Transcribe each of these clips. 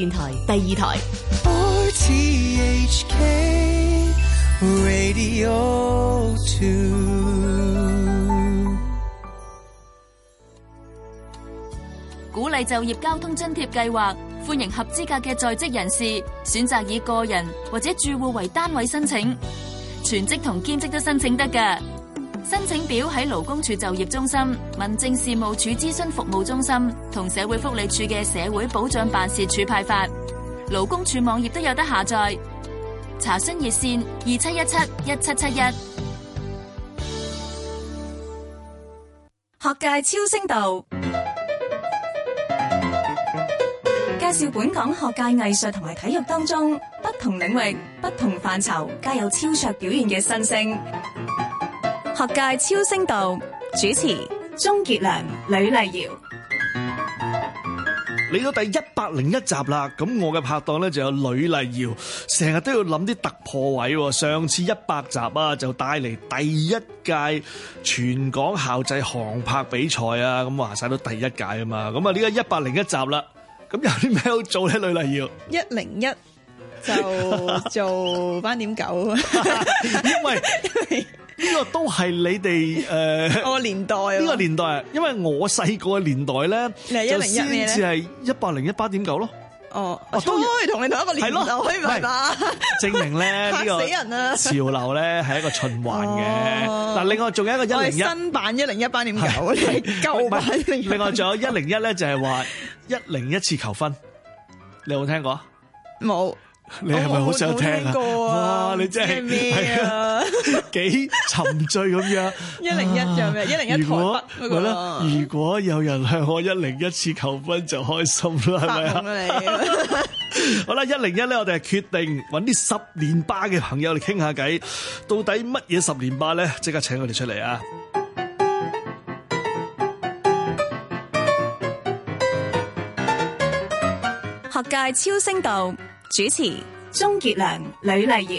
電台第二台，RTHK, Radio Two，鼓勵就業交通津貼計劃，歡迎合資格嘅在職人士選擇以個人或者住戶為單位申請，全職同兼職都申請得㗎。申請表喺勞工處就業中心、民政事務處諮詢服務中心同社會福利處嘅社會保障辦事處派發，勞工處網頁都有得下載。學界超聲道主持鍾杰良、呂麗瑤，嚟到第一百零一集啦。咁我嘅拍檔咧就有呂麗瑤，成日都要諗啲突破位。上次一百集啊，就帶嚟第一屆全港校際航拍比賽啊。咁話晒都第一屆啊嘛。咁啊呢個一百零一集啦，咁有啲咩好做咧？呂麗瑤，一零一就做斑點狗，因為因為。 呢個都係你哋，誒，我個年代啊，呢個年代，因為我細個嘅年代咧，你係一零一，就先至係一百零一八點九咯。哦，都可以同你同一個年代，可以唔係？證明咧呢個潮流咧係一個循環嘅。嗱，另外仲有一個一零一新版一零一八點九，你係舊版。另外仲有一零一咧，就係話一零一次求婚，你有冇聽過？冇。你係咪好想聽，聽啊？你真係係啊？幾 沉醉咁樣？一零一仲有咩？一零一求婚？如果，如果有人向我一零一次求婚就開心啦，係咪啊？ 好啦，一零一咧，我哋係決定搵啲十連霸嘅朋友嚟傾下偈。到底乜嘢十連霸咧？即刻請我哋出嚟啊！學界超聲道。主持鍾傑良、呂麗瑤，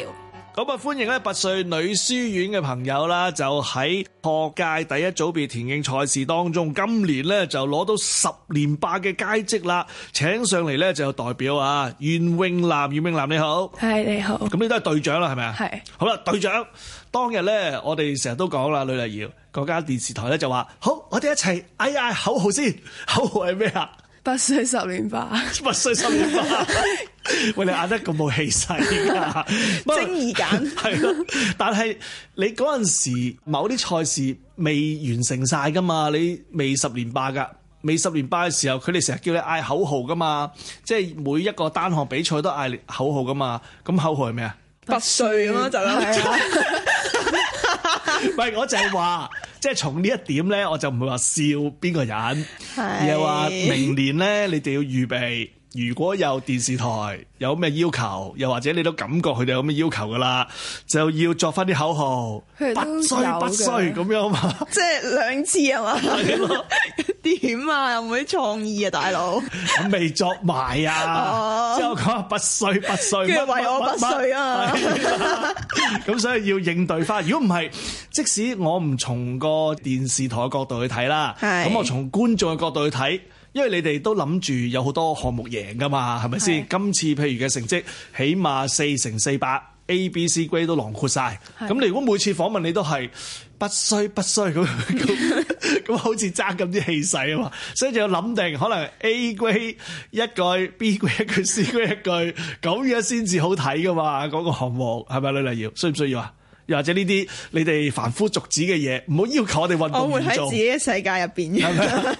咁啊，歡迎咧拔萃女書院嘅朋友啦，就喺學界第一組別田徑賽事當中，今年咧就攞到十連霸嘅佳績啦，請上嚟咧就有代表啊，袁泳藍，袁泳藍你好，係你好，咁呢都係隊長啦，係咪啊？係，好啦，隊長當日咧，我哋成日都講啦，呂麗瑤嗰間電視台咧就話好，我哋一齊嗌嗌口號先，口號係咩啊？拔萃十連霸，拔萃十連霸。喂，你嗌得咁冇氣勢， 精而簡係咯。但係你嗰陣時，某啲賽事未完成晒噶嘛？你未十年霸噶，未十年霸嘅時候，佢哋成日叫你嗌口號噶嘛？即係每一個單項比賽都嗌口號噶嘛？咁口號係咩啊？嗯、不衰咁就啦。唔係，我就係話，即係從呢一點咧，我就唔會話笑邊個人，又話是明年咧，你哋要預備。如果有電視台有咩要求，又或者你都感覺佢哋有咩要求噶啦，就要作翻啲口號，們不衰不衰咁的樣嘛。 即係兩次啊嘛？點 嗎 啊，有冇啲創意啊，大佬？未作埋啊， 之後講不衰不衰，為我不衰 啊，咁 所以要應對翻。如果唔係，即使我唔從個電視台角度去睇啦，咁的我從觀眾嘅角度去睇。因為你哋都諗住有好多項目贏噶嘛，係咪先？是今次譬如嘅成績起碼四乘四百 A、B、C grade 都囊括晒。咁是你如果每次訪問你都係不需不需咁，咁好似爭咁啲氣勢啊嘛。所以就要諗定，可能 A grade 一句，B grade 一句，C grade 一句，咁樣先至好睇噶嘛。嗰個項目係咪啊？呂麗瑤，需唔需要啊？又或者呢啲你哋凡夫俗子嘅嘢，唔好要求我哋運動員做。我會喺自己嘅世界入邊。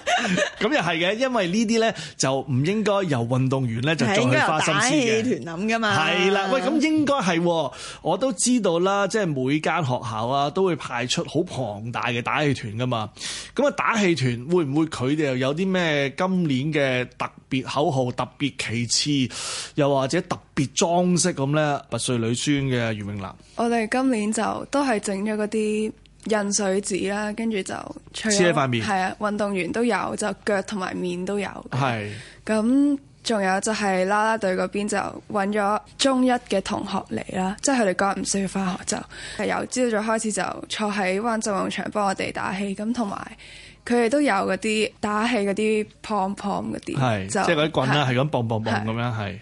咁又係嘅，因為呢啲咧就唔應該由運動員咧就再去花心思嘅。應該由打氣團諗噶嘛。係啦，喂，咁應該係，我都知道啦，即係每間學校啊都會派出好龐大嘅打氣團噶嘛。咁啊，打氣團會唔會佢哋又有啲咩今年嘅特別口號、特別旗幟，又或者特？裝飾咁咧，拔萃女書院嘅袁泳藍。我哋今年就都係整咗嗰啲印水紙啦，跟住就黐喺塊面，係啊，運動員都有，就腳同埋面都有。係咁是，仲有就係啦啦隊嗰邊就揾咗中一嘅同學嚟啦，即係佢哋今日唔需要翻學，就由朝早開始就坐喺灣仔運動場幫我哋打氣，咁同埋佢哋都有嗰啲打氣嗰啲 pong 嗰啲，係是就即係嗰啲棍啦，係咁 pong pong pong 咁樣係。是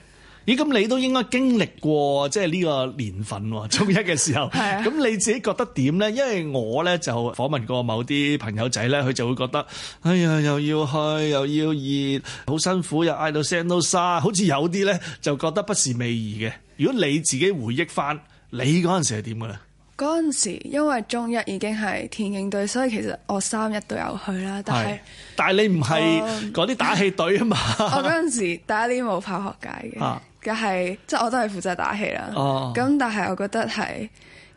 咦，咁你都應該經歷過即係呢個年份喎，中一嘅時候。咁 你自己覺得點咧？因為我咧就訪問過某啲朋友仔咧，佢就會覺得，哎呀，又要去，又要熱，好辛苦，又嗌到聲都沙，好似有啲咧就覺得不是味兒嘅。如果你自己回憶翻，你嗰陣時係點嘅咧？嗰陣時因為中一已經係田徑隊，所以其實我三日都有去啦。但係，但係你唔係嗰啲打氣隊啊嘛？ 我嗰陣時打啲冇跑學界嘅。啊又係，即係我都係負責打氣啦。咁、oh. 但係我覺得係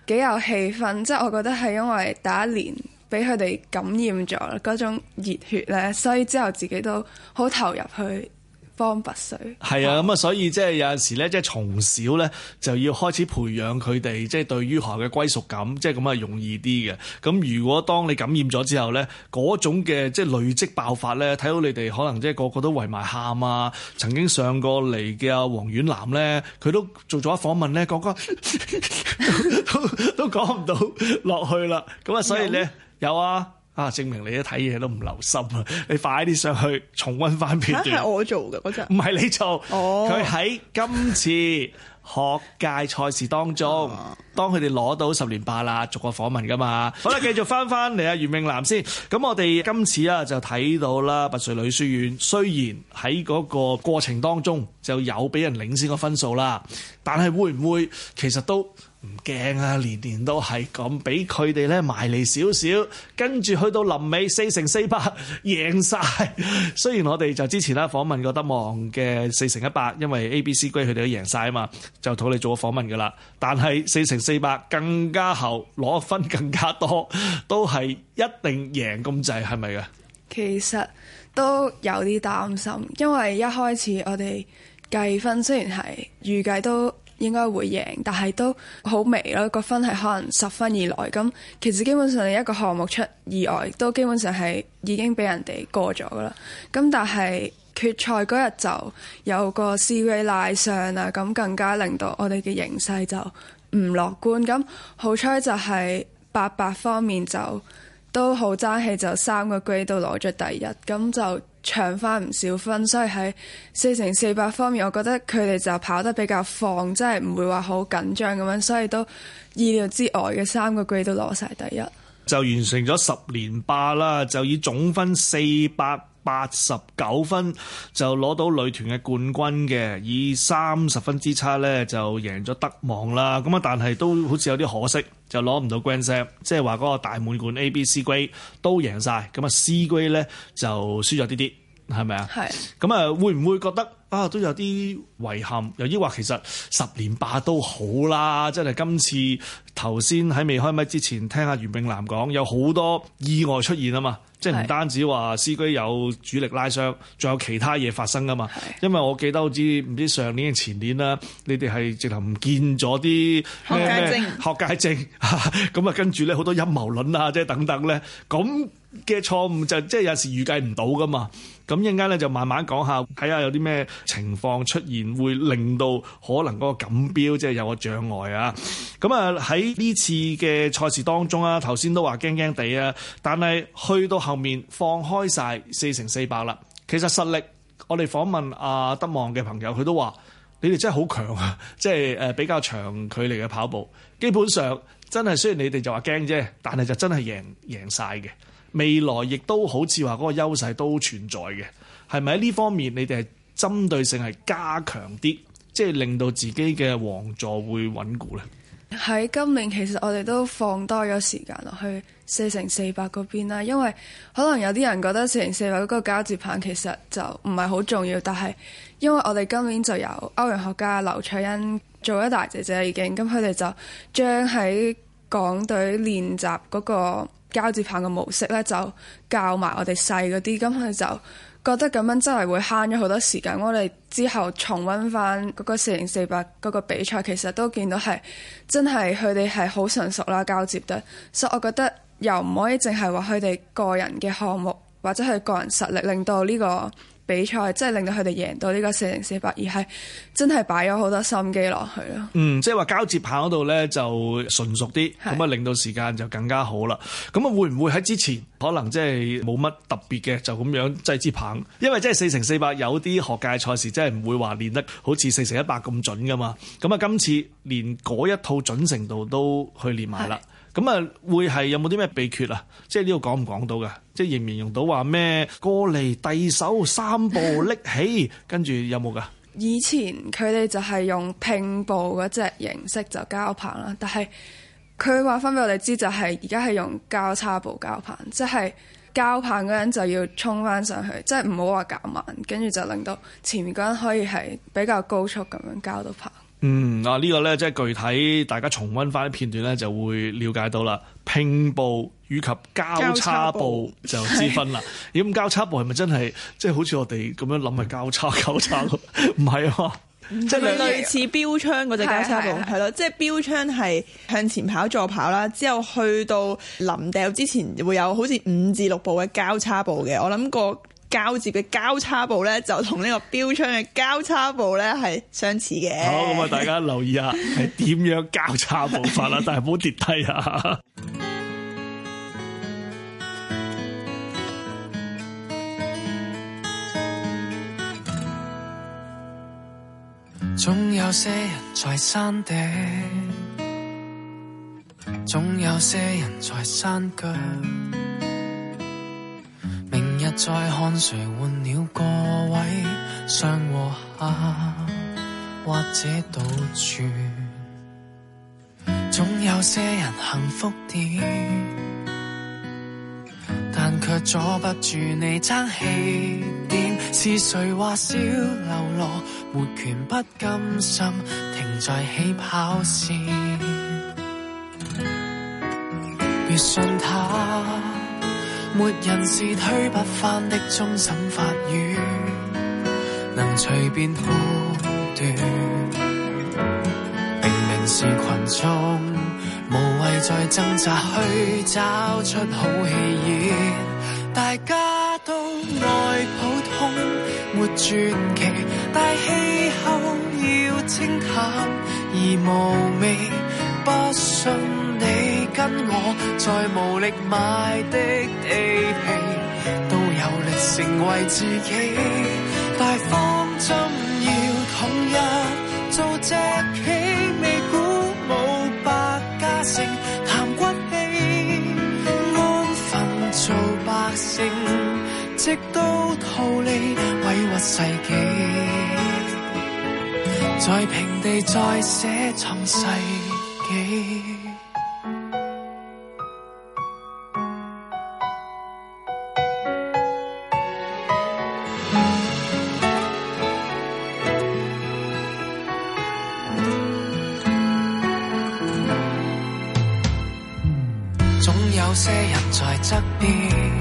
幾有氣氛，即係我覺得係因為打一年，俾佢哋感染咗嗰種熱血咧，所以之後自己都好投入去。江拔水係啊，咁啊，所以即係有陣時咧，即係從小咧就要開始培養佢哋，即係對於學校嘅歸屬感，即係咁啊，容易啲嘅。咁如果當你感染咗之後咧，嗰種嘅即係累積爆發咧，睇到你哋可能即係個個都圍埋喊啊！曾經上過嚟嘅黃婉南咧，佢都做咗一訪問咧，講講都 都講唔到落去啦。咁啊，所以咧、嗯、有啊。啊！證明你一睇嘢都唔留心啊！你快啲上去重溫翻片段。嚇、啊、我做嘅嗰陣，唔係你做。哦，佢喺今次學界賽事當中，啊、當佢哋攞到十年霸啦，逐個訪問噶嘛。 好啦，繼續翻翻嚟啊，袁泳藍先。咁我哋今次啊就睇到啦，拔萃女書院雖然喺嗰個過程當中就有俾人領先個分數啦，但係會唔會其實都？唔驚啊！年年都係咁，俾佢哋咧埋嚟少少，跟住去到臨尾四成四百贏晒。 雖然我哋就之前啦訪問過德望嘅四成一百，因為 A、B、C、歸佢哋都贏晒啊嘛，就同你做咗訪問噶啦。但係四成四百更加後，攞分更加多，都係一定贏咁滯，係咪嘅？其實都有啲擔心，因為一開始我哋計分雖然係預計都，應該會贏，但係都好微咯。個分係可能十分以內咁，其實基本上一個項目出意外都基本上係已經俾人哋過咗噶啦。咁但係決賽嗰日就有個 C 位賴上啊，咁更加令到我哋嘅形勢就唔樂觀。咁好彩就係八百方面就都好爭氣，就三個 grade 都攞咗第一，咁就搶翻唔少分，所以喺四乘四百方面，我覺得佢哋就跑得比較放，即係唔會話好緊張咁樣，所以都意料之外嘅三個 grade 都攞晒第一，就完成咗十連霸啦，就以總分四百八十九分就攞到女團嘅冠軍嘅，以三十分之差呢就贏咗德望啦，咁啊但係都好似有啲可惜。就攞唔到 grand slam，即係話個大滿貫 A、B、C 杯都贏晒，咁啊 C 杯咧就輸咗啲啲，係咪啊？係。是，咁啊會唔會覺得？啊，都有啲遺憾。由於話其實十連霸都好啦，真係今次頭先喺未開咪之前聽阿袁泳藍講，有好多意外出現啊嘛，即係唔單止話司區有主力拉傷，仲有其他嘢發生噶嘛。是因為我記得好似唔知上年定前年啦，你哋係直頭唔見咗啲、呃、學界證，學界證咁啊， 跟住咧好多陰謀論啊，即係等等咧咁。嘅錯誤就即係有時預計唔到㗎嘛。咁一陣間呢就慢慢講下，睇下有啲咩情況出現會令到可能嗰個錦標即係有個障礙啊。咁啊喺呢次嘅賽事當中啊，頭先都話驚驚地啊，但係去到後面放開晒，四乘四百啦。其實實力我哋訪問阿、啊、德望嘅朋友，佢都話你哋真係好強啊，即係誒比較長距離嘅跑步，基本上真係雖然你哋就話驚啫，但係就真係贏贏晒嘅。未來亦都好似話嗰個優勢都存在嘅，係咪喺呢方面你哋係針對性係加強啲，即係令到自己嘅王座會穩固呢？喺今年其實我哋都放多咗時間落去四乘四百嗰邊啦，因為可能有啲人覺得四乘四百嗰個交接棒其實就唔係好重要，但係因為我哋今年就由歐陽學家劉翠欣做一大姐姐，已經，咁佢哋就將喺港隊練習嗰個。交接棒嘅模式呢，就教埋我哋細嗰啲，咁佢就覺得咁樣真係會慳咗好多時間。我哋之後重溫翻嗰個四零四八嗰個比賽，其實都見到係真係佢哋係好成熟啦交接得，所以我覺得又唔可以淨係話佢哋個人嘅項目或者係個人實力令到呢個。比賽真係令到佢哋贏到呢個四乘四百，而係真係擺咗好多心機落去咯。嗯，即係話交接棒嗰度咧就純熟啲，咁啊是令到時間就更加好啦。咁啊會唔會喺之前可能即係冇乜特別嘅就咁樣制支棒？因為真係四乘四百有啲學界賽事真係唔會話練得好似四乘一百咁準噶嘛。咁啊今次連嗰一套準程度都，都去練埋啦。咁啊，會係有冇啲咩秘訣啊？即係呢個講唔講到嘅？即係形唔形容到話咩過嚟遞手三步拎起，跟住 有冇噶？以前佢哋就係用拼布嗰隻形式就交棒啦，但係佢話翻俾我哋知，就係而家係用交叉步交棒，即係交棒嗰陣就要衝翻上去，即係唔好話減慢，跟住就令到前面嗰人可以係比較高速咁樣交到棒。嗯，啊、這個、呢個咧即係具體大家重溫翻啲片段咧就會了解到啦，拼步以及交叉步就之分啦。咁交叉步係咪真係即係好似我哋咁樣諗係交叉是是、就是、 交叉唔係 啊，即係類似標槍嗰隻交叉步，係咯，即係、就是、標槍係向前跑助跑啦，之後去到臨掉之前會有好似五至六步嘅交叉步嘅。我諗過。交接嘅交叉步咧，就同呢個標槍嘅交叉步咧係相似嘅。好，咁啊，大家留意下係點樣交叉步法啦， 但係唔好跌低啊！總有些人在山頂，總有些人在山腳。再看誰換了個位，上和下或者倒轉，總有些人幸福點，但卻阻不住你爭起點。是誰話少流落沒權不甘心停在起跑線，別信他。沒人是推不翻的終審法院，能隨便判斷。明明是群眾，無謂再掙扎去找出好戲演。大家都愛普通，沒傳奇，大氣候要清淡而無味。不信你跟我在無力買的地皮，都有力成為自己。大方針要統一，做隻棋未鼓舞百家姓，談骨氣，安分做百姓，直到逃離委屈世紀，在平地再寫沉世。總有些人在側邊，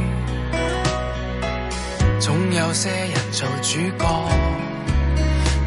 總有些人做主角。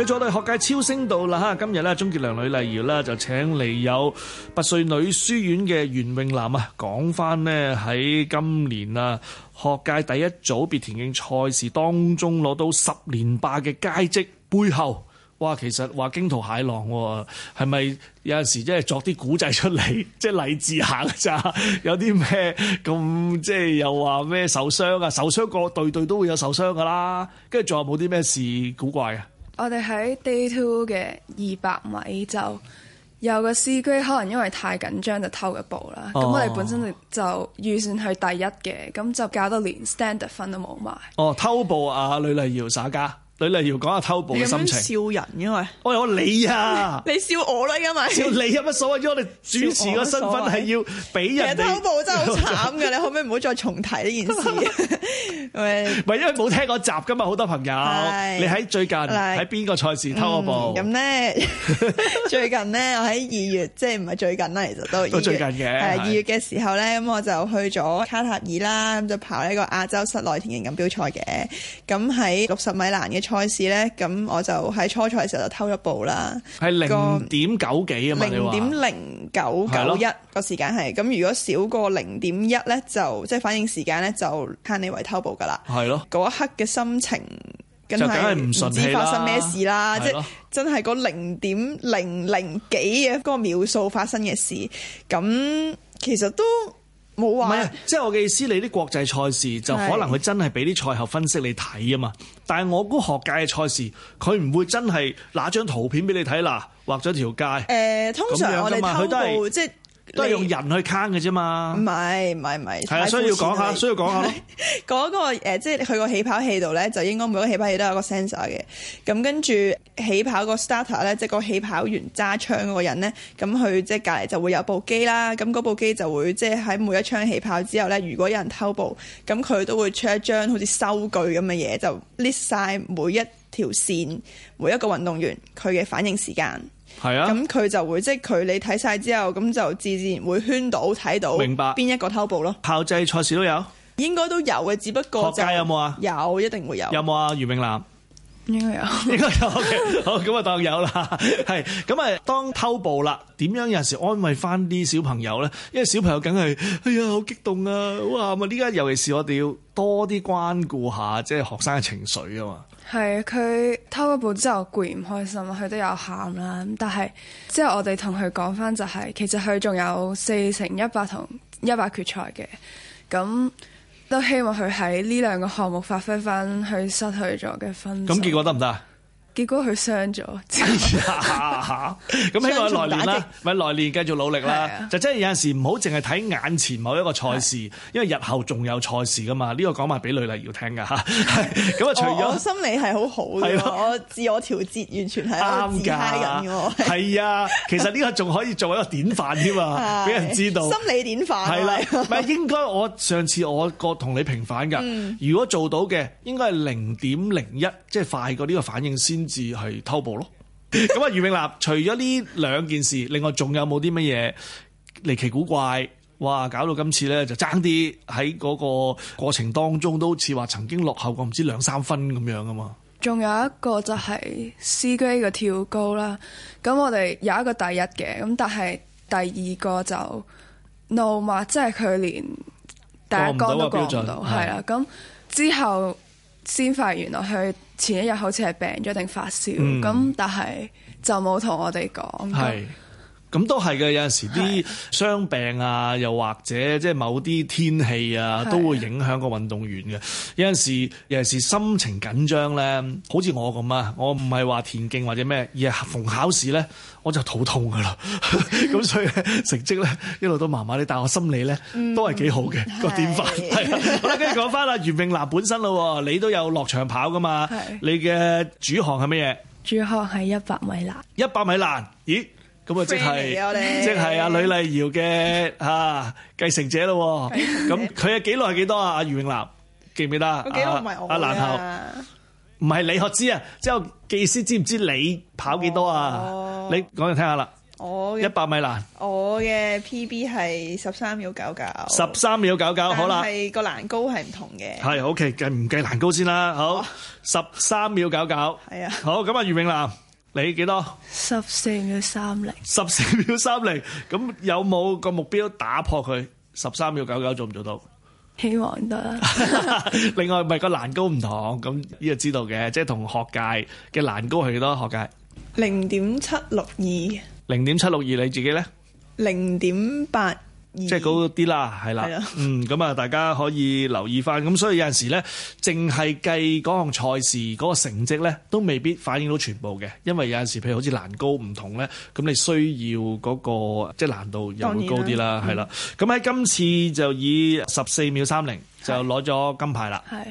喺咗我哋學界超聲度啦，今日咧鍾傑良、呂麗瑤咧就請嚟有拔萃女書院嘅袁泳藍啊，講翻呢喺今年啊學界第一組別田徑賽事當中攞到十連霸嘅佳績背後，哇，其實話驚濤駭浪係、啊、咪有陣時即係作啲古仔出嚟，即係勵志下噶咋？ 有啲咩咁即係又話咩受傷啊？受傷個隊隊都會有受傷噶啦，跟住仲有冇啲咩事古怪啊？我哋喺 day two 嘅二百米就有個師姐，可能因為太緊張就偷咗步啦。咁、哦、我哋本身就預算係第一嘅，咁就搞到連 standard 分都冇埋。哦，偷步啊！呂麗瑤，耍家。李例如講下偷步嘅心情，笑人因喂，我係我你啊，你笑我啦，因為笑你有乜所謂？因為我哋主持嘅身份係要俾人。其實偷步真係好慘嘅，你可唔可以唔好再重提呢件事？唔係因為冇聽過集噶嘛，好多朋友，你喺最近喺邊個賽事偷步？咁咧最近咧，我喺二月，即係唔係最近啦，其實都都最近嘅。二月嘅時候咧，咁我就去咗卡塔爾啦，咁就跑呢個亞洲室內田徑錦標賽嘅，咁喺六十米欄嘅。賽事呢，咁我就喺初賽嘅時候就偷一步啦。係零點九幾咁樣，零點零九九一個時間係。咁如果少過零點一呢，就即係反應時間呢，就慳你為偷步㗎喇。係咯的，嗰一刻嘅心情梗係真係唔順氣啦。唔知發生咩事啦？的即係真係個零點零零幾嘅嗰、嗰個秒數發生嘅事，咁其實都。冇啊！唔係啊，即係、就是、我嘅意思，你啲國際賽事就可能佢真係俾啲賽後分析你睇啊嘛。是但係我估學界嘅賽事，佢唔會真係拿張圖片俾你睇啦，畫咗條街。誒、欸，通常樣樣我哋抽布，都即係都係用人去坑嘅啫嘛。唔係唔係唔係。係啊，需對高要講下，需是要講下咯。嗰、 那個即係佢個起跑器度咧，就應該每個起跑器都有一個 sensor 嘅。咁跟住。起跑個 starter 咧，即係個起跑員揸槍嗰個人咧，咁佢即係隔籬就會有部機啦。咁嗰部機就會即係喺每一槍起跑之後咧，如果有人偷步，咁佢都會出一張好似收據咁嘅嘢，就 list 曬每一條線、每一個運動員佢嘅反應時間。係啊，咁佢就會即係佢你睇晒之後，咁就自自然會圈到睇到，明白邊一個偷步咯？校際賽事都有，應該都有嘅，只不過學界有冇啊？有，一定會有。有冇啊？袁泳藍？應該有， 應該有。Okay，好，咁啊當有啦，係咁啊當偷步啦，點樣有時安慰翻啲小朋友咧？因為小朋友梗係，哎呀好激動啊，哇咪呢家尤其是我哋要多啲關顧下，即係學生嘅情緒啊嘛。係，佢偷一步之後攰唔開心，佢都有喊啦。咁但係之後我哋同佢講翻就係、是，其實佢仲有四乘一百同一百決賽嘅，咁。都希望佢喺呢兩個項目發揮翻佢失去咗嘅分。咁結果得唔得啊？如果佢傷咗，咁希望來年啦，咪來年繼續努力啦。就真係有陣時唔好淨係睇眼前某一個賽事，因為日後仲有賽事噶嘛。呢個講埋俾呂麗瑤聽㗎嚇。咁啊，除咗心理係好好，我自我調節完全係啱㗎。係啊，其實呢個仲可以做一個典範㗎嘛，俾人知道心理典範。係啦，唔係應該我上次我個同你平反㗎。如果做到嘅，應該係零點零一，即係快過呢個反應先。至係偷步咯，咁啊，余永立，除咗呢兩件事，另外仲有冇啲乜嘢離奇古怪？哇，搞到今次咧就爭啲喺嗰個過程當中都似話曾經落後過唔知兩三分咁樣啊嘛。仲有一個就係 CG 嘅跳高啦，咁我哋有一個第一嘅，咁但係第二個就怒罵，即係佢連第一杆都過唔到，係啦、啊，咁的之後先發現原來落去。前一日好似係病咗定發燒，咁、嗯、但係就冇同我哋講係。咁都係嘅，有陣時啲傷病啊，又或者即係某啲天氣啊，都會影響個運動員嘅。有陣時，有陣時心情緊張咧，好似我咁啊，我唔係話田徑或者咩，而係逢考試咧，我就肚痛噶啦。咁 所以成績咧一路都麻麻地，但係我心理咧都係幾好嘅、嗯、個典法？係啦是，好啦，跟住講翻阿袁泳藍本身咯，你都有落場跑噶嘛？係的。你嘅主項係咩嘢？主項係一百米欄。一百米欄？咦？咁啊，即係即係阿呂麗瑤嘅啊繼承者咯。咁佢嘅記錄係幾多啊？阿袁泳藍記唔記得啊？阿蘭頭唔係你學知啊，之後技師知唔知你跑幾多啊？你講嚟聽下啦。哦，一百米欄。我嘅 PB 係十三秒九九。十三秒九九，好啦。係個欄高係唔同嘅。係，OK，計唔計欄高先啦？好，十三秒九九。係啊。好，咁啊，袁泳藍。你幾多？十四秒三零。十四秒三零，咁有冇個目標打破佢？十三秒九九做唔做到？希望得啦。另外，唔係個欄高唔同，咁呢個知道嘅，即係同學界嘅欄高係幾多？學界？零點七六二。零點七六二，你自己咧？零點八。即係嗰啲啦，係啦，嗯，咁啊，大家可以留意翻。咁所以有陣時呢，淨係計嗰項賽事嗰個成績呢，都未必反映到全部嘅，因為有陣時譬如好似欄高唔同呢，咁你需要嗰個即係難度又會高啲啦，係啦。咁喺今次就以十四秒三零就攞咗金牌啦，係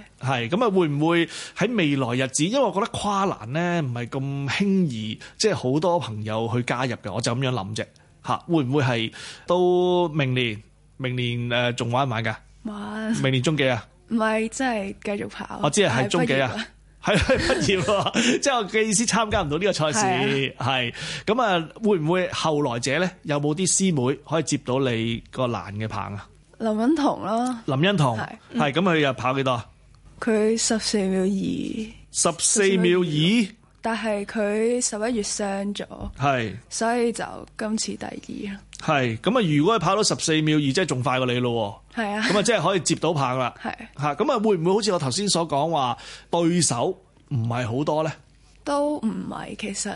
是，咁啊是，會唔會喺未來日子，因為我覺得跨欄呢，唔係咁輕易，即係好多朋友去加入嘅，我就咁樣諗啫。吓，會唔會係到明年？明年誒，仲玩唔玩噶？玩。明年中幾啊？唔係，即係繼續跑。我知係。係中幾啊？係畢業，即係我嘅意思，參加唔到呢個賽事係。咁啊，會唔會後來者咧？有冇啲師妹可以接到你個難嘅棒啊？林恩彤咯。林恩彤係？係咁佢又跑幾多啊？佢十四秒二。十四秒二。但係佢十一月傷咗，係是，所以就今次第二。係咁啊！如果佢跑到十四秒二，是啊、即係仲快過你咯。係啊，咁啊，即係可以接到棒啦。係是，嚇咁啊，會唔會好似我頭先所講話，對手唔係好多咧？都唔係，其實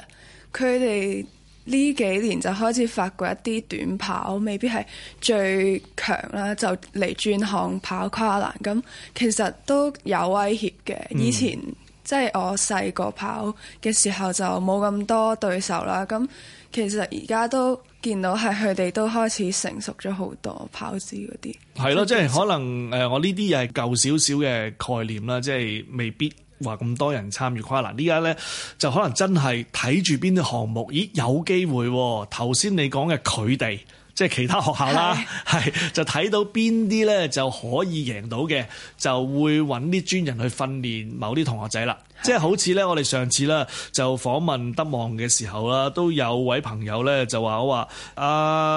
佢哋呢幾年就開始發掘一啲短跑未必係最強啦，就嚟轉行跑跨欄，咁其實都有威脅嘅。以前、嗯。即係我細個跑嘅時候就冇咁多對手啦，咁其實而家都見到係佢哋都開始成熟咗好多跑姿嗰啲。係咯、嗯，即係可能誒，我呢啲又係舊少少嘅概念啦，即係未必話咁多人參與跨欄。呢家咧就可能真係睇住邊啲項目，咦有機會哦，頭先你講嘅佢哋。即係其他學校啦，係是就睇到邊啲咧就可以贏到嘅，就會搵啲專人去訓練某啲同學仔啦。是即係好似咧，我哋上次啦就訪問德望嘅時候啦，都有位朋友咧就話我話：阿、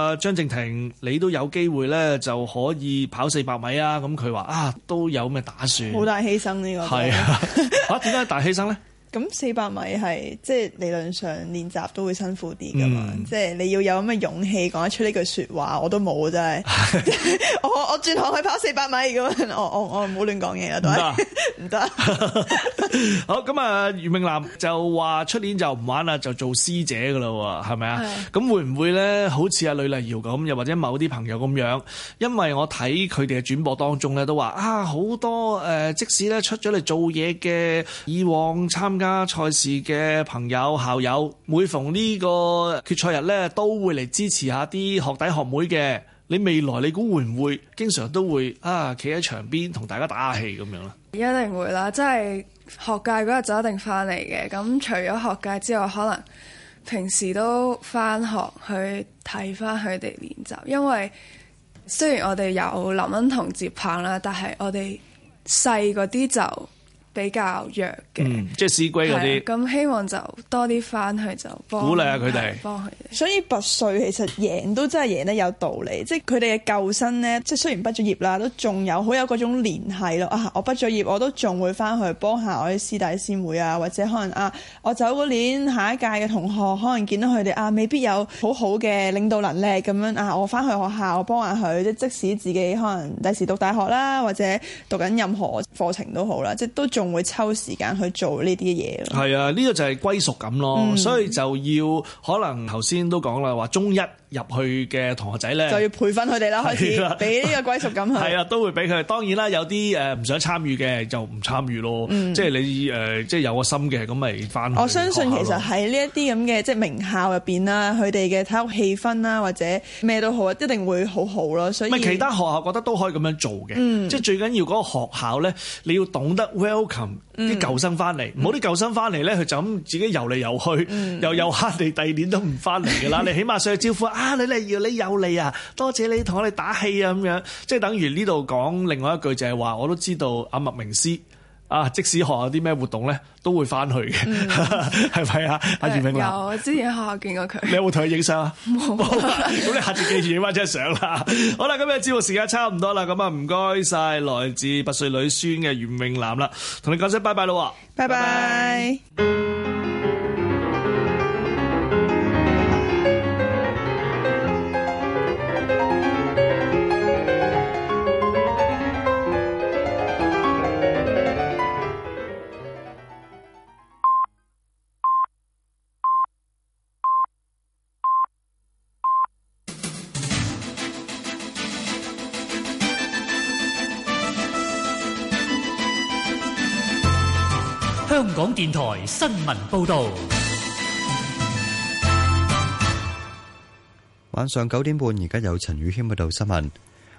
呃、張靜婷，你都有機會咧就可以跑四百米啊！咁佢話啊，都有咩打算？好大犧牲呢個係啊！嚇點解大犧牲咧？咁四百米係即係理論上練習都會辛苦啲噶嘛，即係、嗯、你要有咁嘅勇氣講得出呢句說話，我都冇真係， 我我轉行去跑四百米咁， 我我我唔好亂講嘢啦，都係唔得。好咁啊，袁泳藍就話出年就唔玩啦，就做師姐噶啦，係咪啊？咁是會唔會咧？好似阿呂麗瑤咁，又或者某啲朋友咁樣？因為我睇佢哋嘅轉播當中咧，都話啊好多誒，即使咧出咗嚟做嘢嘅以往參加。啊！賽事嘅朋友校友，每逢呢個決賽日呢，都會嚟支持下啲學弟學妹嘅。你未來你估會唔會經常都會啊？企喺場邊同大家打下氣咁樣咧？一定會啦，即係學界嗰日就一定翻嚟嘅。咁除咗學界之外，可能平時都翻學去睇翻佢哋練習。因為雖然我哋有林恩同接棒啦，但係我哋細嗰啲就比較弱嘅，嗯，即係市貴嗰啲，咁希望就多啲翻去就幫鼓勵下佢哋，幫佢。所以拔萃其實贏都真係贏得有道理，即係佢哋嘅舊生咧，即係雖然畢咗業啦，都仲有好有嗰種聯繫咯。啊，我畢咗業，我都仲會翻去幫下我啲師弟師妹啊，或者可能啊，我走嗰年下一屆嘅同學，可能見到佢哋啊，未必有好好嘅領導能力咁樣啊，我翻去學校我幫下佢，即即使自己可能第時讀大學啦，或者讀緊任何課程都好啦，即都仲。唔會抽時間去做呢啲嘢咯。係啊，嗯，呢個就係歸屬感咯，所以就要可能頭先都講啦，話中一。入去嘅同學仔咧，就要培訓佢哋啦，開始俾呢個歸屬感。係啊，都會俾佢。當然啦，有啲誒唔想參與嘅就唔參與咯。即係你誒，即係有個心嘅咁咪翻去。我相信其實喺呢一啲咁嘅即係名校入邊啦，佢哋嘅體育氣氛啦，或者咩都好，一定會好好咯。所以唔係其他學校覺得都可以咁樣做嘅，即係最緊要嗰個學校咧，你要懂得 welcome 啲舊生翻嚟。唔好啲舊生翻嚟咧，佢就咁自己遊嚟遊去，又又蝦你，第二年都唔翻嚟噶啦。你起碼上去招呼啊！啊！你嚟要你又嚟啊！多謝你同我哋打氣啊！咁樣即係等於呢度講另外一句就係話，我都知道阿麥明詩啊，即使學校啲咩活動咧，都會翻去嘅，係咪、嗯、 啊？阿對、啊、袁泳藍，我之前喺學校見過佢，你有冇同佢影相啊？冇，咁你下次記住影翻張相啦。 好啦，今日節目時間差唔多啦，咁啊唔該晒來自拔萃女書院嘅袁泳藍啦，同你講聲拜拜咯，拜拜。電台新聞報道：晚上九點半，而家有陳宇謙報道新聞。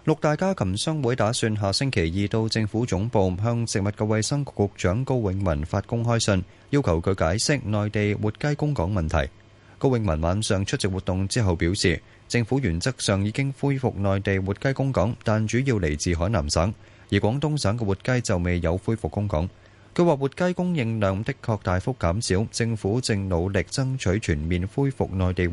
六大家禽商會打算下星期二到政府總部，向食物嘅衛生局局長高永文發公開信，要求佢解釋內地活雞供港問題。高永文晚上出席活動之後表示，政府原則上已經恢復內地活雞供港，但主要嚟自海南省，而廣東省嘅活雞就未有恢復供港。佢話活雞供應量的確大幅減少，政府正努力爭取全面恢復內地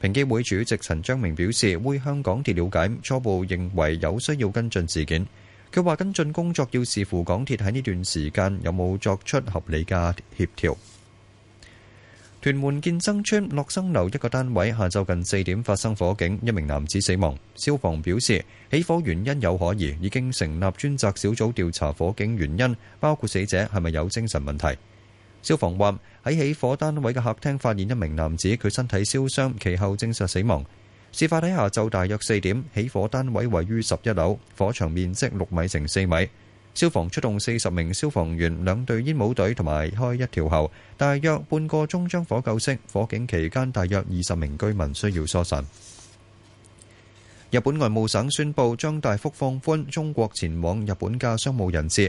評委會主席陳章明表示，據向港鐵了解，初步認為有需要跟進事件。佢話跟進工作要視乎港鐵喺呢段時間有冇作出合理嘅協調。屯門建生村落生樓一個單位下晝近四點發生火警，一名男子死亡。消防表示起火原因有可疑，已經成立專責小組調查火警原因，包括死者係咪有精神問題。消防話喺起火單位嘅客廳發現一名男子，佢身體燒傷，其後證實死亡。事發喺下晝大約四點，起火單位位於十一樓，火場面積六米乘四米。消防出動四十名消防員、兩隊煙帽隊同埋開一條喉，大約半個鐘將火救熄。火警期間，大約二十名居民需要疏散。日本外務省宣布將大幅放寬中國前往日本嘅商務人士。